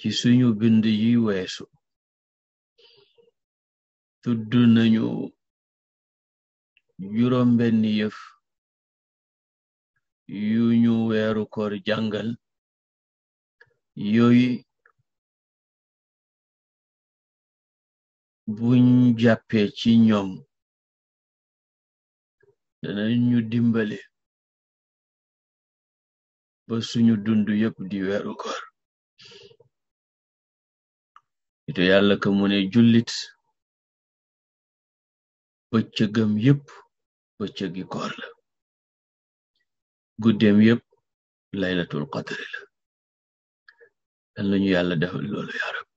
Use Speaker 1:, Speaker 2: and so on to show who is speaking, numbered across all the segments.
Speaker 1: ci suñu bind yi weesu tudd nañu juróom-benni yëf yu ñu weeru koor jàngal yooyu buñ jàppee ci ñoom dana ñu dimbale ba suñu dund yépp di weeru nitu yàlla ka julit ne jullit bëccëgam yépp bëccëgi koor la guddeem yépp laylatul qadri la lan lañu yàlla defal loolu yaa rab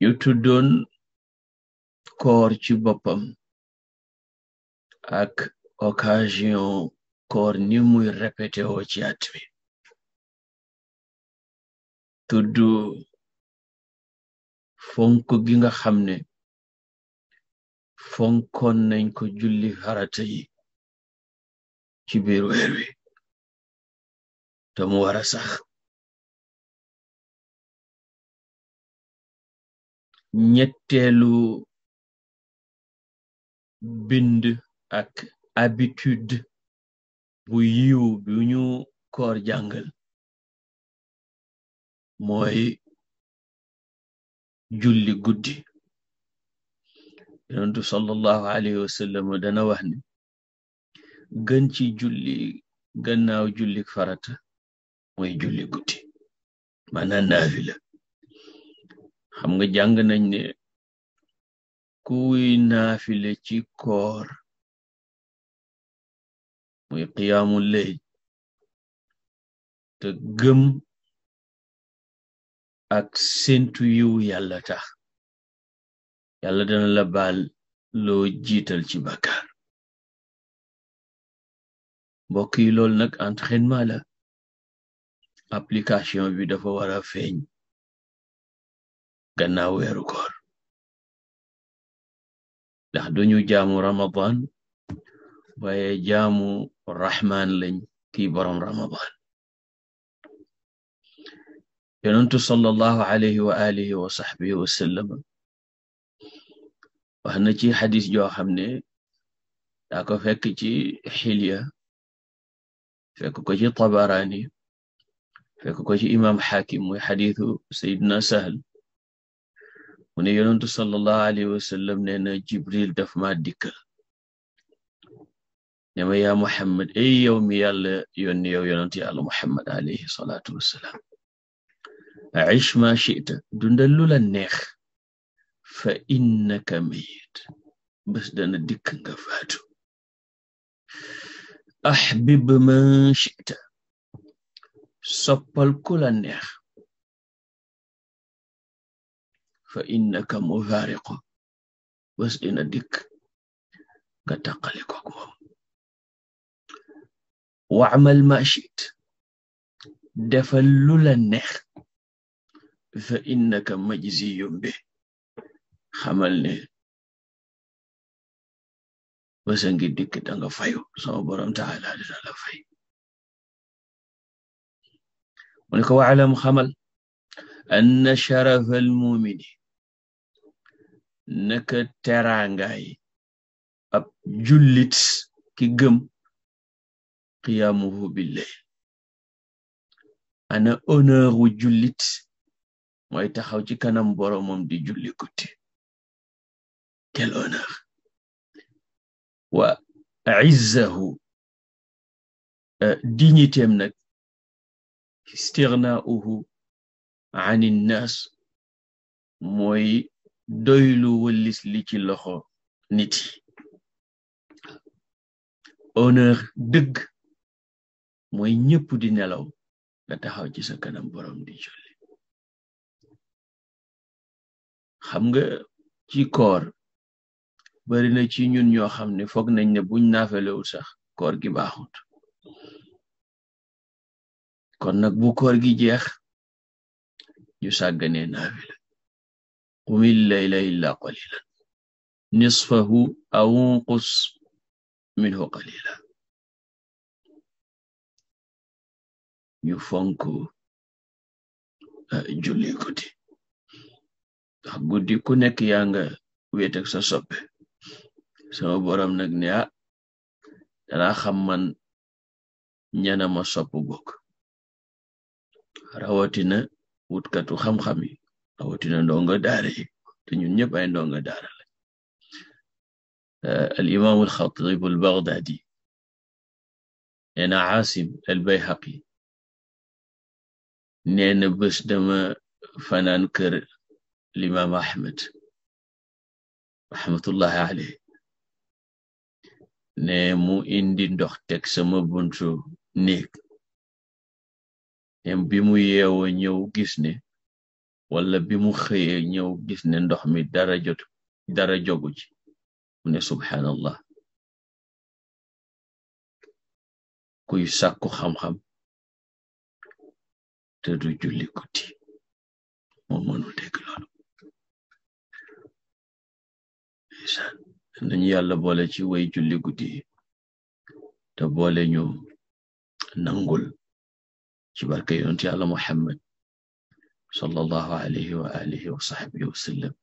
Speaker 1: ñu tuddoon koor ci boppam ak occasion koor ni muy répété ci at tudd fonk gi nga xam ne fonkoon nañ ko julli farata yi ci biir weer mu wara sax ñetteelu bind ak habitude bu yiw bi ñu kor jàngal mooy julli guddi yonentu sallallahu alayhi wasallam dana wax
Speaker 2: ni ci julli gannaaw jullik farata mooy julli guddi maanaam naafila xam nga
Speaker 1: jàng nañ ne kuy naafila ci koor muy qiyaamul lay te gëm ak séntu yiw yàlla tax yàlla dana la baal loo jiital ci bàkkaar mbokk yi loolu nag entraînement la application bi dafa war a feeñ gannaaw ndax duñu jaamu ramadan
Speaker 2: waaye jamu rahman lañ ki borom ramadan yonentu sallallahu alayhi wa alihi wa saxbihi wa sallam wax na ci xadis joo xam ne daa ko fekk ci xilya fekk ko ci tabarani fekk ko ci imam xakim muy xadisu sayidna sahl mu ne yonentu sallallahu alayhi wa sallam nee jibril daf ma dikkal ne muhammad ay yow mi yàlla yónni muhammad alayhi salaatu wassalaam aish ma chita dundal lu la neex fa innaka mayit bés dana dikk nga faatu
Speaker 1: ahbib man chita soppal ku la neex fa innaka mufariqu bés dina dikk nga tàqale
Speaker 2: koog moom waamal ma chit defal lu la fa innaka majziyun bi
Speaker 1: xamal ne basa ngi dikk danga fayu sama borom taala dina fay
Speaker 2: mu ne ko waalam xamal anna sharafa almumini
Speaker 1: naka teraangaay ab jullit ki gëm qiyaamuhu billah
Speaker 2: ana honneuru jullit mooy taxaw ci kanam boromam di
Speaker 1: julli guddi quel honneur wa izzahu euh, dignitéem nag istignaauhu an innaas mooy
Speaker 2: doylu wëllis li ci loxo nit yi
Speaker 1: honneur dëgg mooy ñëpp di nelaw nga taxaw ci sa kanam borom di julli
Speaker 2: xam nga ci koor bari na ci ñun ñoo xam ne foog nañ ne buñ naafelewul sax koor gi baaxut kon nag bu koor gi jeex ñu sàgganee naafila
Speaker 1: qumil layla illa qalilan nisfahu aw unqus minhu qalila ñu fonk ah, julli guddi ndax
Speaker 2: guddi ku nekk yaa nga wéet ak sa sama borom nag ne ah danaa xam man ñana ma sopp bokk rawatina wutkatu xam-xam yi rawatina ndonga daara yi te ñun ñëpp ay ndonga eh, al imam al xatib al baghdadi nee na al bayhaqi
Speaker 1: nee na bés dama fanaan kër limaam Ahmed rahmatullahi aleyh
Speaker 2: ne mu indi ndox teg sama buntu néeg ne bi mu yeewoo ñëw gis ne wala bi mu xëyee ñëw gis
Speaker 1: ne ndox mi dara jot jogu ci subhanallah kuy sàkku xam-xam te du julli guddi moo mënul dégg loolu
Speaker 2: nañu yàlla boole ci way julli guddi te boole ñu nangul ci
Speaker 1: barke yonent yàlla muhammad sallallahu alayhi wa alihi wa sahbihi wa sallam